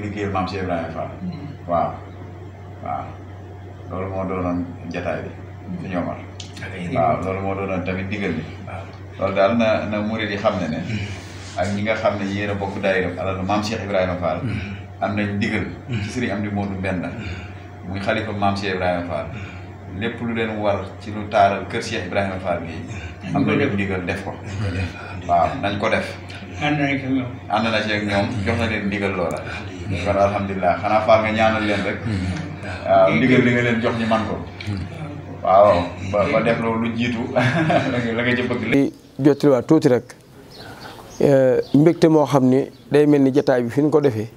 di liggéeyal maam Cheikh Ibrahima Fall mm. waaw waaw loolu moo doonoon jataay bi mm. suñu Omar waaw loolu moo doonoon tamit digal bi loolu daal na na murid yi xam ne ne mm. ak ñi nga xam ne yéen a bokk daayira alal maam Cheikh Ibrahima Fall am nañ digal ci sëriñ am di moodu benn muy xalifa maam Cheikh Ibrahima Fall lépp lu leen war ci lu taaral kër Cheikh Ibrahima Fall gi am nañu ndigal def ko waaw nañ ko def ànd na ci ak ñoom jox na leen ndigal loola kon alhamdulilah xanaa waaw mm-hmm. ah, ndigal li nga leen jox ñu man ko mm-hmm. waaw ba def loolu lu jiitu la nga ci bëgg li jottaliwaat tuuti rek eh, mbégte moo xam ni day mel ni jataay bi fi ñu ko defee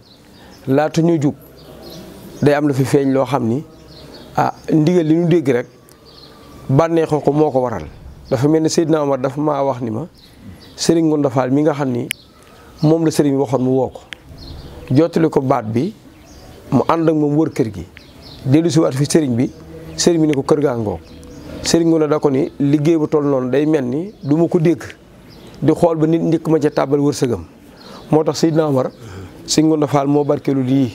laata ñu jug day am la fi feeñ loo xam ni ah ndigal li ñu dégg rek bànneexoo ko moo ko waral dafa mel ni Seydina Omar dafa maa wax ni ma sëriñ Ngounda Fall mi nga xam ni moom la sëriñ waxoon mu woo ko jottali ko baat bi mu ànd ak moom wër kër gi dellu si fi sëriñ bi sëriñ bi ni ko kër gaa ngoog sëriñ ngu ne da ko ni liggéey bu toll noonu day mel ni du ma ko dégg di xool ba nit njëkk ma ca tàbbal wërsëgam moo tax Seydina Omar sëriñ Ngounda Fall moo barkeelu lii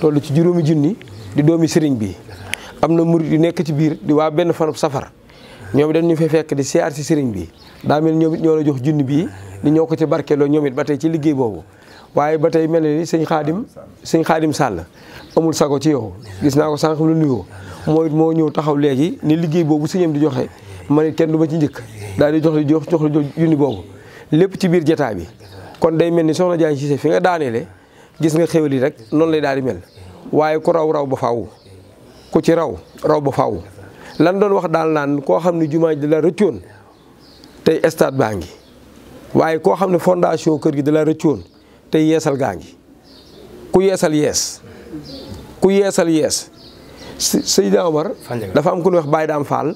toll ci juróomi junni di doomi sëriñ bi am na murit yu nekk ci biir di waa benn fanub safar ñoom dañ ñu fay fekk di siyaar si sëriñ bi daa mel ñoom it ñoo la jox junni bii ni ñoo ko ci barkeeloo ñoom ba tey ci liggéey boobu waaye ba tey mel ni sëñ xaadim sëñ xaadim sàll amul sago ci yow gis naa ko sànq lu nuyoo mooy moo ñëw taxaw léegi ni liggéey boobu sëñam di joxe ma ne kenn du ma ci njëkk daal di jox li jox jox li junni boobu lépp ci biir jataa bi kon day mel ni soxna Diagne Cissé fi nga daaneele gis nga xéwal yi rek noonu lay daal di mel waaye ku raw raw ba faw ku ci raw raw ba faw lan doon wax daal naan koo xam ne jumaa ji dala rëccoon tey stade baa ngi waaye koo xam ne fondation kër gi dala rëccoon tey yeesal gaa ngi ku yeesal yees ku yeesal yees Seydina Omar dafa am ku ñuy wax Baye Daam Fall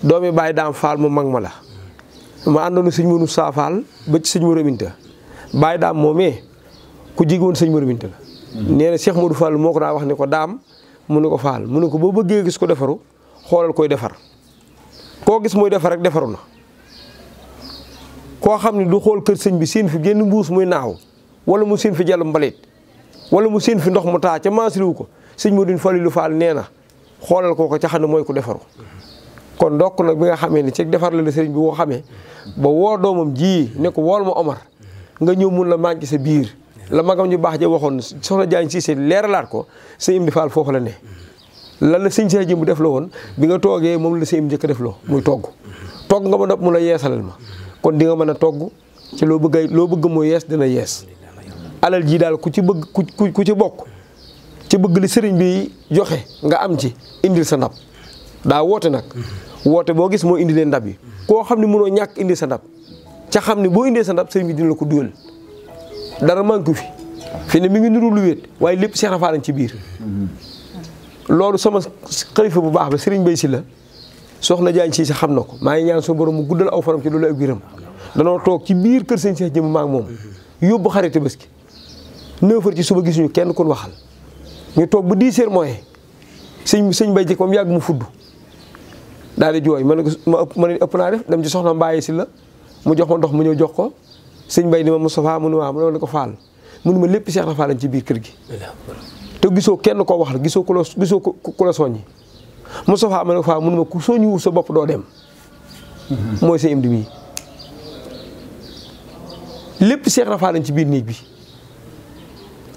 doomi Baye Daam Fall mu mag ma la ma àndoon sëñ mënu saa Fall ba ci sëñ Mourou Minta Baye Daam moomee ku jigoon sëñ Mourou Minta la nee na Cheikh moo ko daa wax ne ko daam mu ne ko Fall mu ne ko boo bëggee gis ko defaru xoolal koy defar koo gis mooy defar rek defaru na koo xam ne du xool kër sëñ bi seen fi génn mbuus muy naaw wala mu seen fi jàll mbalit wala mu seen fi ndox mu taa ca maasriwu ko sëñ Modou lu Fall nee na xoolal koo ko ca xam ne mooy ku defaru kon ndokk nag bi nga xamee ni ci defar la la sëriñ bi boo xamee ba woo doomam ji ne ko wool ma Omar nga ñëw mun la màcc ci biir la magam ñu baax ja waxoon soxna Diagne Cissé leeralaat ko sëñ Amdi Fall foofu la ne lan la sëñ Cheikh Jëmb def la woon bi nga toogee moom la sëñ Amdi njëkk def loo muy togg togg nga ma nopp mun a yeesalal ma kon di nga mën a togg ci loo bëgg loo bëgg moo yees dina yees alal ji daal ku ci bëgg ku ku ci bokk ci bëgg li sëriñ bi joxe nga am ci indil sa ndab daa woote nag woote boo gis moo indi leen ndab yi koo xam ne mënoo ñàkk indi sa ndab ca xam ne boo indee sa ndab sëriñ bi dina la ko dugal dara manqué fi fi ne mi ngi nuru lu wéet waaye lépp Seex Rafaa lañ ci biir loolu sama xalifa bu baax ba sëriñ Bay si la soxna jaañ si si xam na ko maa yi ñaan suñu borom mu guddal aw faram ci loolu ak biram danoo toog ci biir kër sëñ Seex jëm maak moom yóbbu xarit Tabaski neuf heures ci suba gisuñu kenn kon waxal ñu toog ba dix heures mooy sëñ sëñ bay jëkk moom yàgg mu fudd daal di jooy ma ne ko ma ëpp ëpp naa def dem ci soxna Mbaye si la mu jox ma ndox mu ñëw jox ko sëñ bay ni ma Moustapha mu ne waaw ma ne ko Fall mu ne lépp Cheikh na Fall ci biir kër gi te gisoo kenn koo waxal gisoo ku la gisoo ku la soññi Moustapha ma ne ko Fall mu ne ma sa bopp doo dem mhm. mooy sa imdi mi lépp Cheikh na Fall ci biir néeg bi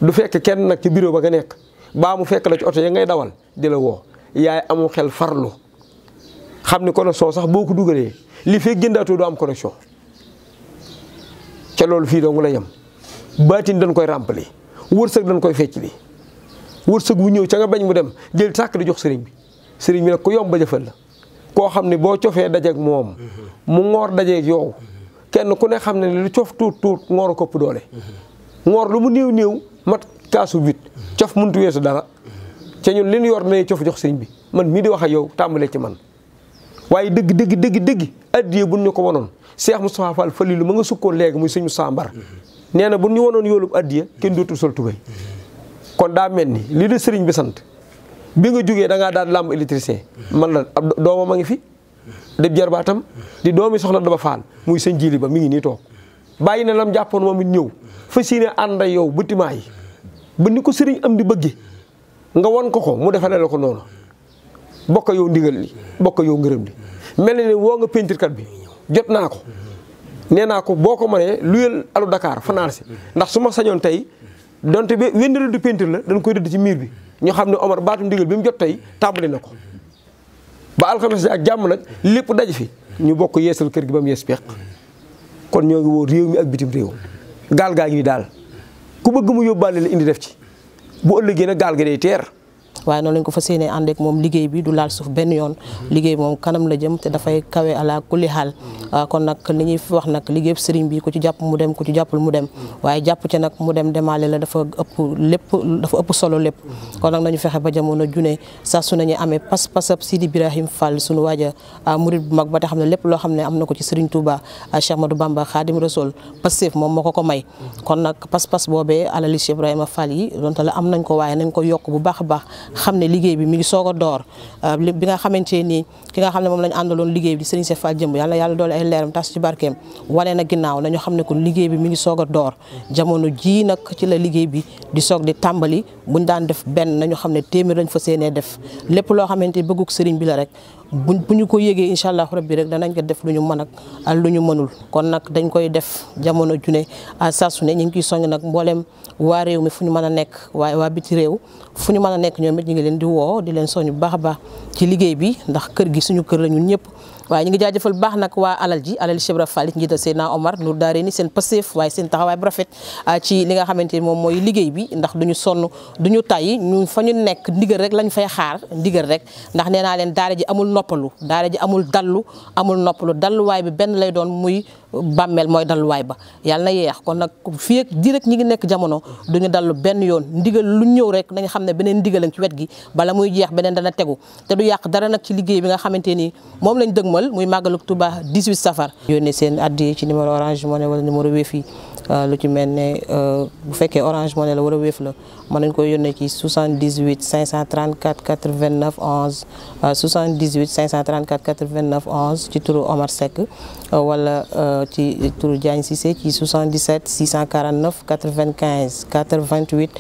du fekk kenn nag ci bureau ba nga nekk baa mu fekk la ci oto ya ngay dawal di la woo yaay amul xel farlu xam ni connexion sax boo ko dugalee li fekk jëndaatoo doo am connexion ca loolu fii dong la yem baatin dañ koy ràmpali wërsëg dañ koy fecc li wërsëg wu ñëw ca nga bañ mu dem jël tàkk di jox sëriñ bi sëriñ bi nag ko yomb ba jëfal la koo xam ne boo cofee dajeeg moom mu ngoor dajeeg yow kenn ku ne xam ne lu cof tuut tuut ngoor a kopp doole ngoor lu mu néew néew mat kaasu wit cof muntu weesu dara ca ñun li ñu yor nañu cof jox sëñ bi man mii di wax ak yow tàmbalee ci man waaye dëgg dëgg dëgg dëgg addiyee buñ ñu ko wonoon mu Cheikh Moustapha Fall lu ma nga sukkoon léegi muy sëñ Moustapha Mbar nee na buñ ñu wanoon yoolub addiya kenn dootul sol tubay kon daa mel ni lii de sëriñ bi sant bi nga jógee dangaa ngaa daan làmb électricien man la ab doomam a ngi fi de jarbaatam di doomi soxna Daba Fall muy sëñ Jili ba mi ngi nii bàyyi na lam jàppoon moom it ñëw fa yéene ànd ay yow bâtiment yi ba ni ko sëriñ am di bëgge nga wan ko ko mu defalee la ko noonu bokk yow ndigal li bokk yow ngërëm li mel na ne woo nga pentirkat bi jot naa ko nee naa ko boo ko mënee luyal alu Dakar fanaan si ndax su ma sañoon tey donte ba wéndalu du pentir la dañ koy rëdd ci miir bi ñu xam ne Omar baatu ndigal bi mu jot tey tàmbali na ko ba alxames ak jàmm nag lépp daj fi ñu bokk yeesal kër gi ba mu peq kon ñoo ngi woo réew mi ak bitim réew gaal gaa ngi daal ku bëgg mu yóbbaale la indi def ci bu ëllëgee nag gaal gi day teer waaye noonu lañ ko fas yéenee ànd ak moom liggéey bi du laal suuf benn yoon liggéey moom kanam la te dafay kawe ala kulli xaal mm-hmm. ah, kon nag li ñuy wax nag liggéey sëriñ bi ku ci jàpp mu dem ku ci jàppul mu dem mm-hmm. waaye jàpp ci nag mu dem demaale la dafa ëpp lépp dafa ëpp solo lépp mm-hmm. kon nag nañu fexe ba jamono junne saa su nañu amee pas-pasab Sidi Ibrahim Fall sunu waaja ah, murid bu mag ba te xam ne lépp loo xam ne am na ko ci sëriñ Touba ah, Cheikh Ahmadou Bamba Khadim Rasoul Pastef moom moo ko ko may kon nag pas-pas boobee alali Cheikh Ibrahima nañ ko waaye nañ ko yokk bu baax baax xam ne liggéey bi mi ngi soog a door euh, bi nga xamante ni ki nga xam ne moom lañ àndaloon liggéey bi di Serigne Cheikh Fall jëmb yàlla yàlla doole ay leeram tas ci barkeem wane na ginnaaw nañu xam ne ko liggéey bi mi ngi soog a door jamono jii nag ci la liggéey bi di soog di tàmbali buñ daan def benn nañu xam ne téeméer lañ fa séenee def lépp loo xamante ni bëgguk sëriñ bi la rek bu bu ñu ko yëgee incha allah rabbi rek danañ ñu mën kon nag dañ koy def jamono ju ne à saa su ne ñu ngi ciy soññ nag mboolem waa réew mi fu ñu mën a nekk waaye waa biti réew fu ñu mën a nekk ñoom it ñu ngi leen di woo di leen soññ bu baax a baax ci liggéey bi ndax kër gi suñu kër la ñun ñëpp. waaye ñu ngi jaajëfal baax nag waa alal ji alal Cheikh Ibra Fall njiital Seydina Omar Nour Daareni seen pasef waaye seen taxawaay bu rafet ci li nga xamante ni moom mooy liggéey bi ndax duñu sonn duñu tàyyi ñu fa ñu nekk ndigal rek lañu fay xaar ndigal rek ndax nee leen daara noppalu daara ji amul dallu amul noppalu dalluwaay bi benn lay doon muy bàmmeel mooy dalluwaay ba yàlla na yeex kon nag fii ak di rek ñi ngi nekk jamono duñu dallu benn yoon ndigal lu ñëw rek nañu xam ne beneen ndigal ci wet gi bala muy jeex beneen dana tegu te du yàq dara nag ci liggéey bi nga xamante ni moom lañ dëgmal muy tubaax Tuuba 18 safar yónnee seen addi ci numéro Orange Money wala numéro Wave yi euh, lu ci mel ne euh, bu fekkee Orange Money la wala Wave la man mën nañ koy yónnee ci 78 534 89 11 78 534 89 11 ci turu Omar Seck euh, wala euh, ci turu Diagne Cissé ci 77 649 95 88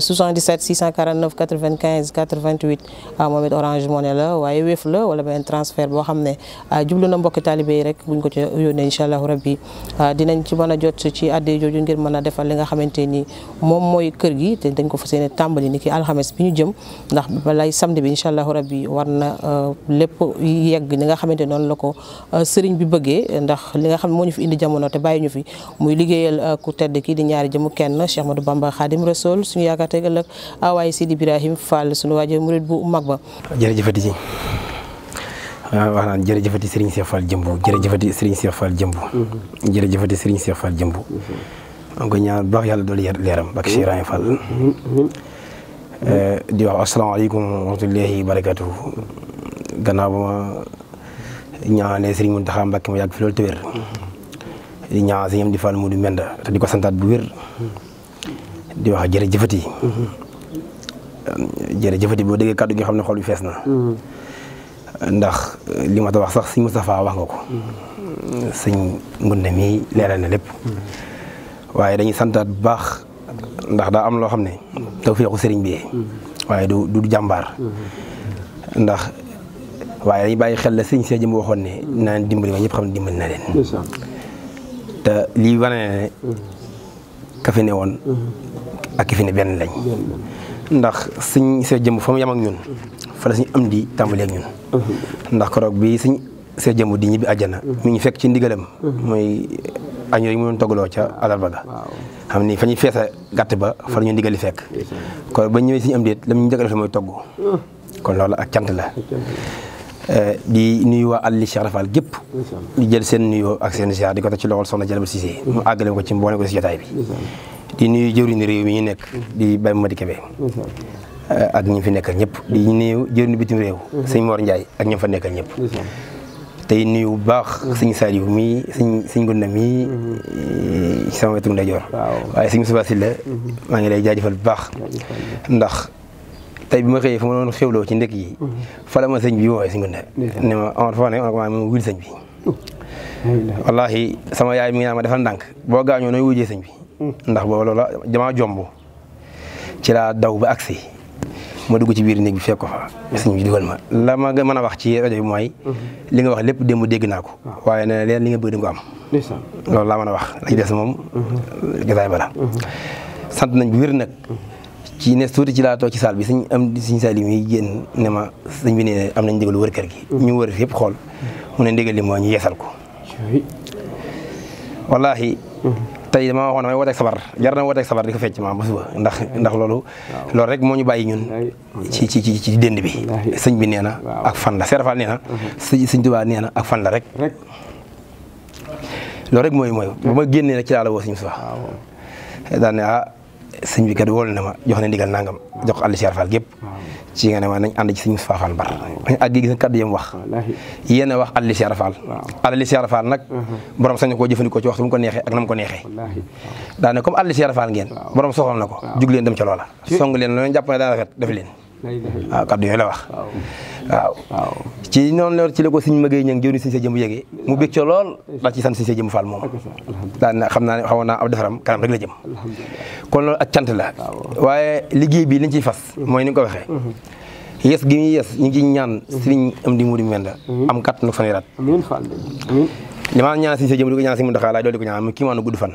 77 649 95 88 moom it Orange Money la waaye Wave la wala benn transfert boo xam ne euh, jublu na mbokki taalibe yi rek buñ ko ci yónnee incha allahu rabbi dinañ ci mën a jot ci adde jooju ngir mën a defal li nga xamante ni moom mooy kër gi dañ ko fas yéene tàmbali ni ki alxames bi ñu jëm ndax balay samedi bi incha allahu rabbi war na euh, lépp yegg li nga xamante noonu la ko euh, sëriñ bi bëggee ndax li nga xam ne moo ñu fi indi jamono te bàyyi ñu fi muy liggéeyal euh, ku tedd kii di ñaari jëmu kenn Cheikh du Bamba Khadim Rasoul suñu yaakaar tey ëllëg waaye Sidi Ibrahim Fall suñu waajur murid bu mag ba jërëjëfati ji waaw ah, wax naan jërëjëfati Serigne Cheikh Fall jëmbu jërëjëfati Serigne Cheikh Fall jëmbu mm-hmm. jërëjëfati Serigne Cheikh Fall jëmbu mm-hmm. maa ngi koy ñaanal bu baax yàlla doolu yar leeram bak si Ibrahima Fall eh, di wax asalaamaaleykum wa rahmatullahi wa barakatuhu gannaaw ba ma ñaanalee Serigne Mountakha Mbacké ma yàgg fi loolu te di ñaanal Serigne Menda te di ko santaat bu wér di wax jërëjëfati jëfati boo déggee kàddu gi xam ne xol bi fees na ndax limat ma wax sax Serigne Moustapha wax nga ko sëñ Ngounde mi lépp waaye dañuy santaat bu baax ndax daa am loo xam ne tawfeexu sëriñ bi waaye du du jàmbaar ndax waaye dañuy bàyyi xel la sëriñ see waxoon ne naan dimbali ma ñëpp xam ne dimbali na leen wane na mm-hmm. woon ak benn lañ ndax sëñ see jëm fa yam ak ñun fa am di tàmbali ak ñun mm-hmm. ndax koroog bi di ñibbi àjjana mm-hmm. mi fekk ci ndigalam mooy añ yooyu mu doon toggaloo ca alarba ga xam ni fa ñuy feesa gàtt ba fa ñu ndigali fekk kon ba ñëwee suñu am déet la mu njëkk a def mooy togg ah. kon loolu ak cant la eh, di nuyu waa àlli Cheikh Rafal gépp di jël seen nuyoo ak seen ziar di ko ci loxol soxna Jalaba Cissé mu mm-hmm. àggale ko ci mboolem ko si jotaay bi di nuyu jëwriñu réew mi ñu nekk mm-hmm. di Baye Madi Kébé eh, ak ñi fi nekkal ñëpp di nuyu jëwriñu bitim réew mm-hmm. sëñ Mor Ndiaye ak ñi fa nekkal ñëpp tey nuyu bu baax. Mm-hmm. sëñ Saliou mii sëñ sëñ Gonda mii. ci sama wetu ndeyjoor. waaye sëñ Moussa Sylla la. Mm-hmm. maa ngi lay jaajëfal bu baax. ndax tey bi ma xëyee fa ma doon xewloo ci ndekk yi. Mm-hmm. ma sëñ bi woowee sëñ Gonda. ne ma Omar Fane ne ko maa ngi bi. wallahi sama yaay mi ngi naan ma defal ndànk boo gaañoo nooy wujjee sëñ bi. Mm. ndax booba loola damaa jomb ci laa daw ba agsi ma dugg ci biir néeg bi fekk fa sëñ bi dugal ma la ma mën a wax ci rajo bi mhm. li nga wax lépp démb dégg naa ko ah. waaye nee li nga bëgg di ko am loolu laa mën a wax la ci des moom mhm. gasaay bala mhm. sant nañ bu wér nag ci ne suuti ci laato ci saal bi suñ am suñ saal yi muy génn ne ma suñ bi ne am nañ ndigal wër kër gi ñu wër yëpp xool mu ne ndigal li ñu yeesal ko wallaahi tey dama waxoon damay wooteeg sabar jar na wooteeg sabar di ko fecc ma ba suba ndax ndax loolu loolu rek moo ñu bàyyi ñun ci ci ci ci dënd bi sëñ bi nee na ak fan la seerafal nee na mhm. sëñ Tuubaa nee na ak fan la rek loolu rek mooy mooy bu ma génnee nag ci laa la woo sëñ Musaa daan ne ah, sëñ bi kat wóolu na ma jox na ndigal nangam jox ko àll si Fall gépp ci nga ne ma nañ ànd ci sëñ Mbar bañ àgg gis kaddu yam wax yéen a wax àll si Fall àll si Fall nag uh-huh. borom sañ koo jëfandikoo ci waxtu mu ko neexee ak na mu ko neexee daane comme àll si Fall ngeen borom soxal na ko jug leen dem ca loola song leen loolu jàpp ne daa rafet def leen Ah, waaw kaddu yooyu la wax waaw ci noonu la ci la ko suñu mëgee ñangi si suñu sa jëmb yegee mu bég co lool ndax ci san suñu sa jëmb Fall moom daan na xam naa ne xamoon naa ab defaram kanam rek la jëm kon loolu ak cant la waaye liggéey bi liñ ciy fas mm-hmm. mooy ni ko waxee mm-hmm. yes gi ñu ngi ñaan mm-hmm. sëriñ am di muudi menda am kat nu fanweeri at li ma ñaan suñu sa jëmb di ko ñaan si mu ndaxaa laay dool di ñaan mu kii nu gudd fan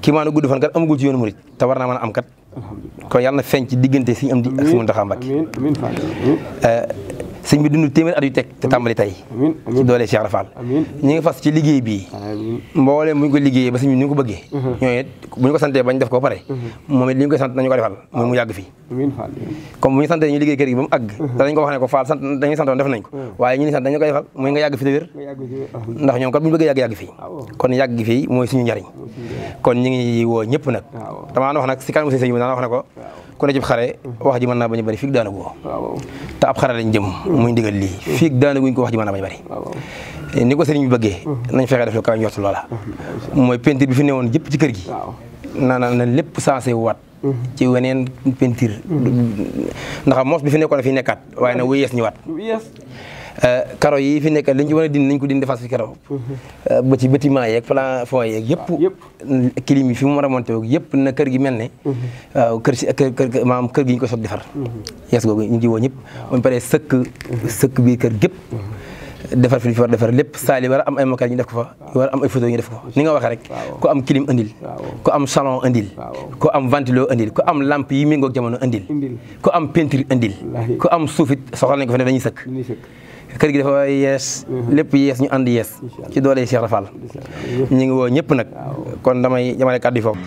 kii maa na gudd fan kat amagul ci yoonu murit te war naa mën a am kat ko yàlla na feeñ ci diggante Sëriñ Amdi ak Sëriñ Muntaxa Mbàkke euh, sëñ bi dund téeméer at yu teg te tàmbali tey doole Cheikh Rafal ñi fas ci liggéey bii mbooleem bu ko liggéeyee ba sëñ bi ni ñu ko bëggee mhm. ñooñu it bu ñu ko santee bañ def ko pare mhm. moom it li ñu koy sant nañu ko defal mooy mu yàgg fii comme bu ñu santee ñu ba mu àgg mhm. dañ ko fi te wér ndax ñoom kat bu bëggee yàgg yàgg ah, kon yàgg gi fii mooy suñu njariñ kon ñu ngi woo ñëpp nag ah, damaa wax nag si kanam sëñ bi daana wax ne ko ah, ku ne xare wax ji mën naa bañ a bëri fii daana boo ab xare lañ muy ndigal lii mm-hmm. fii daana guñ ko wax ji bañ bari eh, ni ko sëriñ ñu bëggee mm-hmm. nañ fexe def lu kaw njortu loola mm-hmm. mooy peinture bi fi ne woon jëpp ci kër gi na na na lépp sensé waat ci weneen peinture ndax moos bi fi nekkoon fi nekkaat waaye na wuyees ñu waat Euh, karo yi fi nekk li ñu ci war a nañ ko di dindi fas fi karo euh, ba ci bâtiment yeeg plafond yeeg yëpp ah, clim yi fi mu remonté woog yëpp na kër gi mel ne waaw kër si kër kër gi ñu ko soog defar yes googu ñëpp moom pare sëkk sëkk kër gépp defar war defar lépp saal war a am ay mokal ñu def ko fa war a am ay photo ñu def ko ni nga waxee rek ku am clim andil ku am salon andil ko am ventilo andil ko am lampe yi méngoog jamono andil ku am peinture andil ku am suufit soxal nañ ko fa ne dañuy sëkk kër gi dafa yees lépp yees ñu ànd yees ci doole Cheikh Rafal ñu ngi woo ñëpp nag kon damay jamale kàddu foofu